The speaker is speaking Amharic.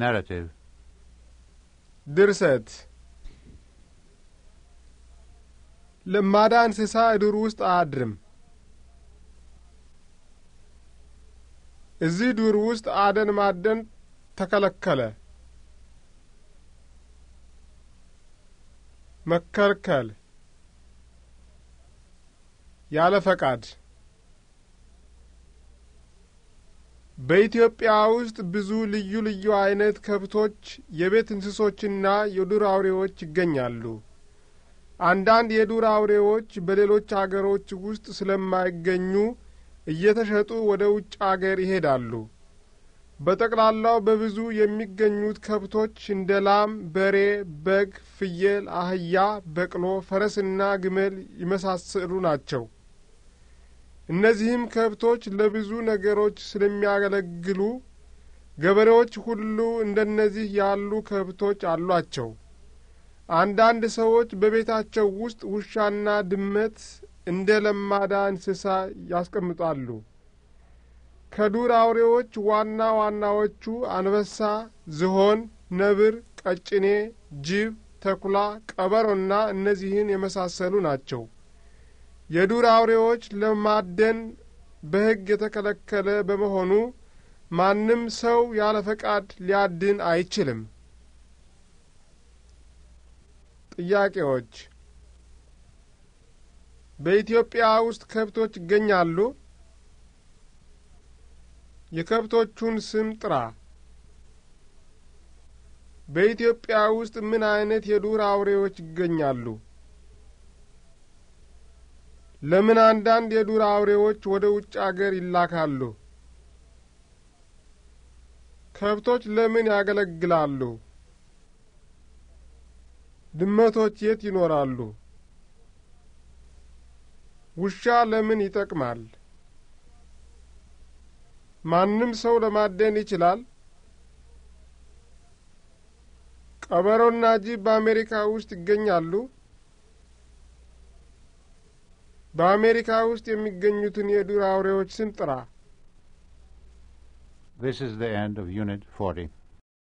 ናራቲቭ ድርሰት ለማዳ እንስሳ እዱር ውስጥ አያድርም። እዚህ ዱር ውስጥ አደን ማደን ተከለከለ። መከልከል ያለ ፈቃድ በኢትዮጵያ ውስጥ ብዙ ልዩ ልዩ አይነት ከብቶች፣ የቤት እንስሶችና የዱር አውሬዎች ይገኛሉ። አንዳንድ የዱር አውሬዎች በሌሎች አገሮች ውስጥ ስለማይገኙ እየተሸጡ ወደ ውጭ አገር ይሄዳሉ። በጠቅላላው በብዙ የሚገኙት ከብቶች እንደ ላም፣ በሬ፣ በግ፣ ፍየል፣ አህያ፣ በቅሎ፣ ፈረስና ግመል የመሳሰሉ ናቸው። እነዚህም ከብቶች ለብዙ ነገሮች ስለሚያገለግሉ ገበሬዎች ሁሉ እንደነዚህ ያሉ ከብቶች አሏቸው። አንዳንድ ሰዎች በቤታቸው ውስጥ ውሻና ድመት እንደ ለማዳ እንስሳ ያስቀምጣሉ። ከዱር አውሬዎች ዋና ዋናዎቹ አንበሳ፣ ዝሆን፣ ነብር፣ ቀጭኔ፣ ጅብ፣ ተኩላ፣ ቀበሮና እነዚህን የመሳሰሉ ናቸው። የዱር አውሬዎች ለማደን በሕግ የተከለከለ በመሆኑ ማንም ሰው ያለ ፈቃድ ሊያድን አይችልም። ጥያቄዎች በኢትዮጵያ ውስጥ ከብቶች ይገኛሉ? የከብቶቹን ስም ጥራ። በኢትዮጵያ ውስጥ ምን አይነት የዱር አውሬዎች ይገኛሉ? ለምን አንዳንድ የዱር አውሬዎች ወደ ውጭ አገር ይላካሉ? ከብቶች ለምን ያገለግላሉ? ድመቶች የት ይኖራሉ? ውሻ ለምን ይጠቅማል? ማንም ሰው ለማደን ይችላል? ቀበሮና ጅብ በአሜሪካ ውስጥ ይገኛሉ? በአሜሪካ ውስጥ የሚገኙትን የዱር አውሬዎች ስም ጥራ። This is the end of Unit 40.